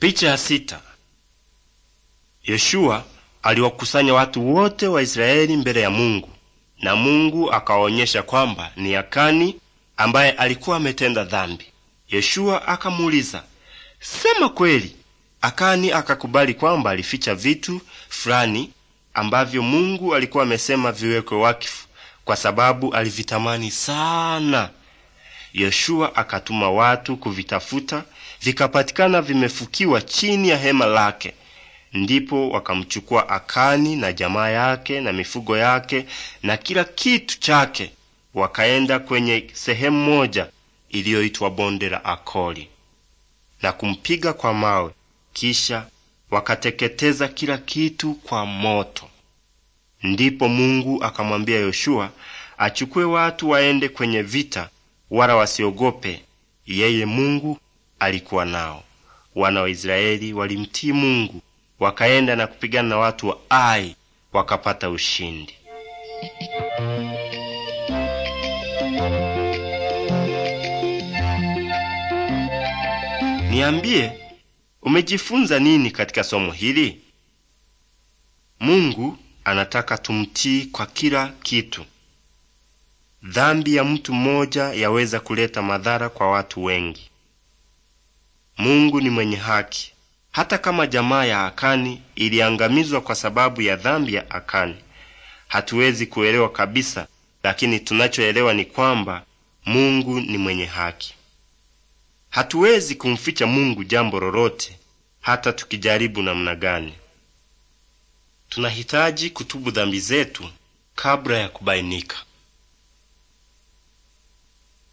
Picha ya sita. Yeshua aliwakusanya watu wote wa Israeli mbele ya Mungu na Mungu akawaonyesha kwamba ni akani ambaye alikuwa ametenda dhambi. Yeshua akamuuliza, sema kweli. Akani akakubali kwamba alificha vitu fulani ambavyo Mungu alikuwa amesema viwekwe wakifu kwa sababu alivitamani sana. Yoshua akatuma watu kuvitafuta, vikapatikana vimefukiwa chini ya hema lake. Ndipo wakamchukua Akani na jamaa yake na mifugo yake na kila kitu chake, wakaenda kwenye sehemu moja iliyoitwa bonde la Akori na kumpiga kwa mawe, kisha wakateketeza kila kitu kwa moto. Ndipo Mungu akamwambia Yoshua achukue watu waende kwenye vita wala wasiogope, yeye Mungu alikuwa nao. Wana wa Israeli walimtii Mungu, wakaenda na kupigana na watu wa Ai wakapata ushindi. Niambie, umejifunza nini katika somo hili? Mungu anataka tumtii kwa kila kitu. Dhambi ya mtu mmoja yaweza kuleta madhara kwa watu wengi. Mungu ni mwenye haki. Hata kama jamaa ya Akani iliangamizwa kwa sababu ya dhambi ya Akani, hatuwezi kuelewa kabisa, lakini tunachoelewa ni kwamba Mungu ni mwenye haki. Hatuwezi kumficha Mungu jambo lolote, hata tukijaribu namna gani. Tunahitaji kutubu dhambi zetu kabla ya kubainika.